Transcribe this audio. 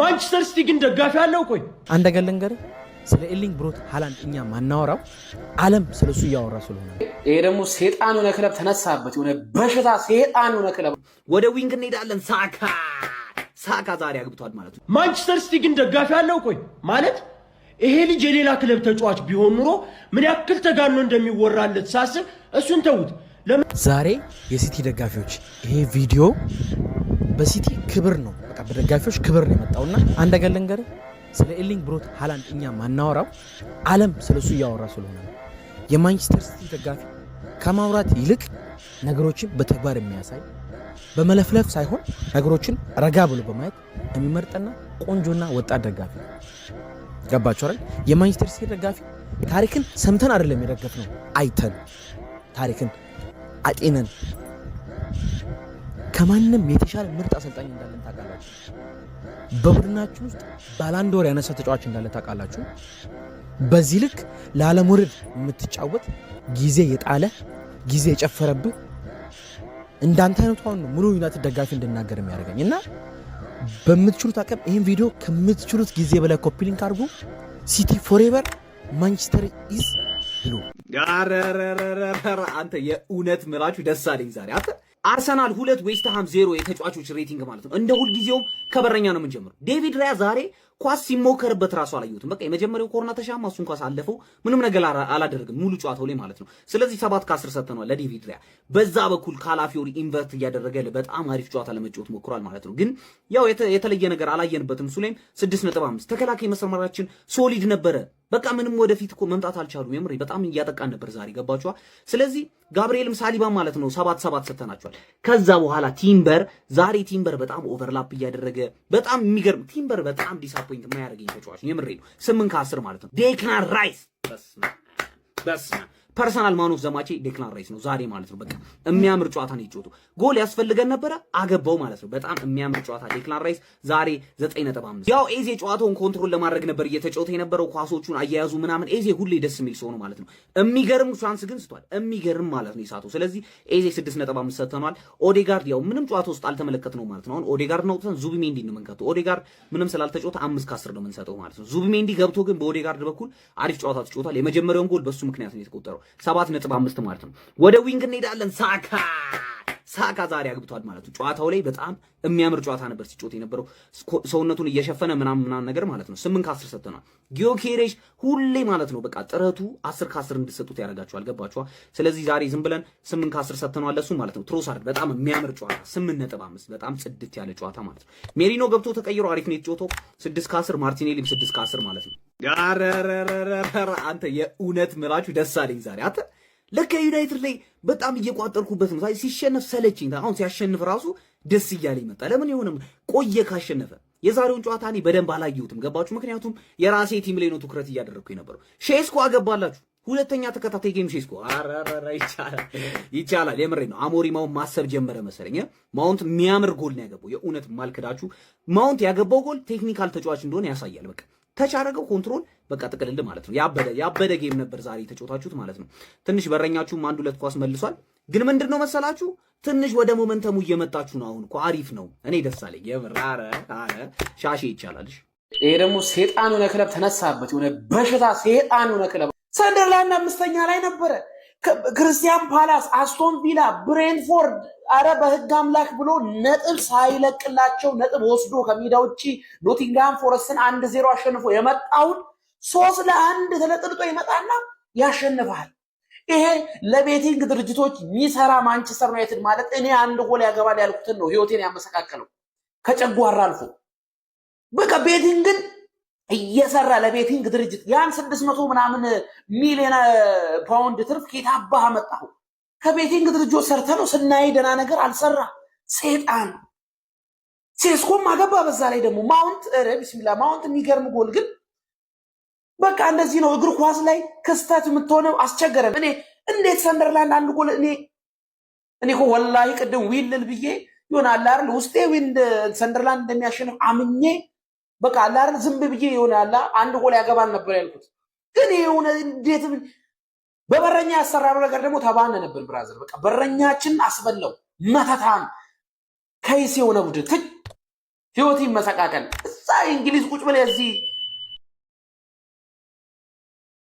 ማንቸስተር ሲቲ ግን ደጋፊ አለው። ቆይ አንድ ነገር ልንገርህ፣ ስለ ኤርሊንግ ብሮት ሃላንድ እኛ ማናወራው አለም ስለሱ እያወራ ስለሆነ፣ ይሄ ደግሞ ሴጣን የሆነ ክለብ ተነሳበት፣ የሆነ በሽታ ሴጣን የሆነ ክለብ። ወደ ዊንግ እንሄዳለን። ሳካ ሳካ ዛሬ አግብቷል ማለት ነው። ማንቸስተር ሲቲ ግን ደጋፊ አለው። ቆይ ማለት ይሄ ልጅ የሌላ ክለብ ተጫዋች ቢሆን ኑሮ ምን ያክል ተጋኖ እንደሚወራለት ሳስብ፣ እሱን ተዉት። ዛሬ የሲቲ ደጋፊዎች ይሄ ቪዲዮ በሲቲ ክብር ነው በቃ በደጋፊዎች ክብር ነው የመጣውና አንድ ነገር ልንገርህ፣ ስለ ኤርሊንግ ብሮት ሃላንድ እኛ ማናወራው አለም ስለሱ እያወራ ስለሆነ ነው። የማንቸስተር ሲቲ ደጋፊ ከማውራት ይልቅ ነገሮችን በተግባር የሚያሳይ በመለፍለፍ ሳይሆን ነገሮችን ረጋ ብሎ በማየት የሚመርጥና ቆንጆና ወጣት ደጋፊ ገባቸው አይደል? የማንቸስተር ሲቲ ደጋፊ ታሪክን ሰምተን አይደለም የደገፍ ነው፣ አይተን ታሪክን አጤነን ከማንም የተሻለ ምርጥ አሰልጣኝ እንዳለን ታውቃላችሁ። በቡድናችሁ ውስጥ ባላንድ ወር ያነሳ ተጫዋች እንዳለ ታውቃላችሁ። በዚህ ልክ ለዓለም ውርድ የምትጫወት ጊዜ የጣለ ጊዜ የጨፈረብህ እንዳንተ አይነቱ አሁን ሙሉ ዩናይትድ ደጋፊ እንድናገር የሚያደርገኝ እና በምትችሉት አቅም ይህን ቪዲዮ ከምትችሉት ጊዜ በላይ ኮፒሊንክ አድርጉ። ሲቲ ፎሬቨር ማንቸስተር ኢዝ ብሉ። አንተ የእውነት ምላችሁ ደስ አለኝ ዛሬ አንተ አርሰናል ሁለት ዌስትሃም ዜሮ የተጫዋቾች ሬቲንግ ማለት ነው። እንደ ሁልጊዜውም ከበረኛ ነው የምንጀምረው። ዴቪድ ራያ ዛሬ ኳስ ሲሞከርበት ራሱ አላየሁትም። በቃ የመጀመሪያው ኮርና ተሻማ እሱን ኳስ አለፈው። ምንም ነገር አላደርግም ሙሉ ጨዋታው ላይ ማለት ነው። ስለዚህ ሰባት ከአስር ሰጥተነዋል ለዴቪድ ሪያ። በዛ በኩል ካላፊዮሪ ኢንቨርት እያደረገ በጣም አሪፍ ጨዋታ ለመጫወት ሞክሯል ማለት ነው። ግን ያው የተለየ ነገር አላየንበትም። ሱሌም ላይም ስድስት ነጥብ አምስት ተከላካይ መስመራችን ሶሊድ ነበረ። በቃ ምንም ወደፊት እኮ መምጣት አልቻሉም። የምሬ በጣም እያጠቃን ነበር ዛሬ ገባችኋ። ስለዚህ ጋብርኤልም ሳሊባ ማለት ነው ሰባት ሰባት ሰተናቸዋል። ከዛ በኋላ ቲምበር ዛሬ ቲምበር በጣም ኦቨርላፕ እያደረገ በጣም የሚገርም ቲምበር በጣም ዲሳ ዲስአፖይንት የማያደርገኝ ተጫዋች ነው። የምሬ ነው። ስምንት ከአስር ማለት ነው። ዴክላን ራይስ በስመ አብ በስመ አብ ፐርሰናል ማን ኦፍ ዘ ዴክላን ራይስ ነው ዛሬ ማለት ነው። በቃ የሚያምር ጨዋታ ነው ይጮቱ ጎል ያስፈልገን ነበረ አገባው ማለት ነው። በጣም የሚያምር ጨዋታ ዴክላን ራይስ ዛሬ 9.5 ያው ኤዜ ጨዋታውን ኮንትሮል ለማድረግ ነበር እየተጫወተ የነበረው ኳሶቹን አያያዙ ምናምን። ኤዜ ሁሌ ደስ የሚል ሰው ነው ማለት ነው። የሚገርም ቻንስ ግን ስቷል። የሚገርም ማለት ነው የሳተው። ስለዚህ ኤዜ 6.5 ሰጥተናል። ኦዴጋርድ ያው ምንም ጨዋታ ውስጥ አልተመለከት ነው ማለት ነው። አሁን ኦዴጋርድ ነው ተን ዙቢሜንዲ ነው የምንከተው። ኦዴጋርድ ምንም ስላልተጫወተ 5 ከ10 ነው የምንሰጠው ማለት ነው። ዙቢሜንዲ ገብቶ ግን በኦዴጋርድ በኩል አሪፍ ጨዋታ ተጫውቷል። የመጀመሪያውን ጎል በሱ ምክንያት ነው የተቆጠረው። ሰባት ነጥብ አምስት ማለት ነው። ወደ ዊንግ እንሄዳለን። ሳካ ሳካ ዛሬ አግብቷል ማለት ነው። ጨዋታው ላይ በጣም የሚያምር ጨዋታ ነበር ሲጮት የነበረው ሰውነቱን እየሸፈነ ምናምን ምናምን ነገር ማለት ነው። ስምንት ከአስር ሰጥተናል። ጊዮኬሬሽ ሁሌ ማለት ነው በቃ ጥረቱ አስር ከአስር እንድሰጡት ያደርጋቸዋል። ገባችኋ? ስለዚህ ዛሬ ዝም ብለን ስምንት ከአስር ሰጥተናል ለሱ ማለት ነው። ትሮሳርድ በጣም የሚያምር ጨዋታ ስምንት ነጥብ አምስት በጣም ጽድት ያለ ጨዋታ ማለት ነው። ሜሪኖ ገብቶ ተቀይሮ አሪፍ ነው የተጫወተው። ስድስት ከአስር ማርቲኔሊም ስድስት ከአስር ማለት ነው። ያረረረረ አንተ የእውነት ምላችሁ ደስ አለኝ ዛሬ። አንተ ለካ ዩናይትድ ላይ በጣም እየቋጠርኩበት ነው። ሲሸነፍ ሰለችኝ። አሁን ሲያሸንፍ ራሱ ደስ እያለ ይመጣ። ለምን የሆነም ቆየ ካሸነፈ። የዛሬውን ጨዋታ እኔ በደንብ አላየሁትም፣ ገባችሁ? ምክንያቱም የራሴ ቲም ላይ ነው ትኩረት እያደረግኩ የነበረው። ሼስኮ አገባላችሁ፣ ሁለተኛ ተከታታይ ጌም ሼስኮ። አረረረ ይቻላል፣ ይቻላል። የምሬ ነው። አሞሪ ማውንት ማሰብ ጀመረ መሰለኝ። ማውንት የሚያምር ጎል ነው ያገባው። የእውነት ማልክዳችሁ ማውንት ያገባው ጎል ቴክኒካል ተጫዋች እንደሆነ ያሳያል። በቃ ተቻረገው ኮንትሮል በቃ ጥቅልል ማለት ነው። ያበደ ያበደ ጌም ነበር ዛሬ የተጫወታችሁት ማለት ነው። ትንሽ በረኛችሁም አንድ ሁለት ኳስ መልሷል። ግን ምንድን ነው መሰላችሁ ትንሽ ወደ ሞመንተሙ እየመጣችሁ ነው። አሁን እኮ አሪፍ ነው። እኔ ደስ አለኝ። የምር ኧረ ኧረ ሻሼ ይቻላልሽ። ይሄ ደግሞ ሴጣን የሆነ ክለብ ተነሳበት። የሆነ በሽታ ሴጣን የሆነ ክለብ ሰንደርላንድ አምስተኛ ላይ ነበረ። ክርስቲያን ፓላስ፣ አስቶን ቪላ፣ ብሬንፎርድ አረ በህግ አምላክ ብሎ ነጥብ ሳይለቅላቸው ነጥብ ወስዶ ከሜዳ ውጭ ኖቲንግሃም ፎረስትን አንድ ዜሮ አሸንፎ የመጣውን ሶስት ለአንድ ተለጥልጦ ይመጣና ያሸንፋል። ይሄ ለቤቲንግ ድርጅቶች የሚሰራ ማንቸስተር ዩናይትድ ማለት እኔ አንድ ጎል ያገባል ያልኩትን ነው ህይወቴን ያመሰቃቀለው ከጨጓራ አልፎ በቃ ቤቲንግን እየሰራ ለቤቲንግ ድርጅት ያን ስድስት መቶ ምናምን ሚሊዮን ፓውንድ ትርፍ ኬታባህ መጣሁ። ከቤቲንግ ድርጅት ሰርተ ነው ስናይ ደህና ነገር አልሰራ ሴጣን ሴስኮም አገባ። በዛ ላይ ደግሞ ማውንት ረ ቢስሚላ ማውንት የሚገርም ጎል ግን በቃ እንደዚህ ነው እግር ኳስ ላይ ክስተት የምትሆነው አስቸገረም። እኔ እንዴት ሰንደርላንድ አንድ ጎል እኔ እኔ እኮ ወላሂ ቅድም ዊልል ብዬ ይሆናል አይደል ውስጤ ዊንድ ሰንደርላንድ እንደሚያሸንፍ አምኜ በቃ አላርን ዝም ብዬ የሆነ ያለ አንድ ጎል ያገባን ነበር ያልኩት፣ ግን የሆነ እንዴት በበረኛ ያሰራሩ ነገር ደግሞ ተባነ ነበር ብራዘር በቃ በረኛችን አስበለው መተታም ከይስ የሆነ ቡድን ትች ህይወት ይመሰቃቀል እዛ እንግሊዝ ቁጭ ብለህ እዚህ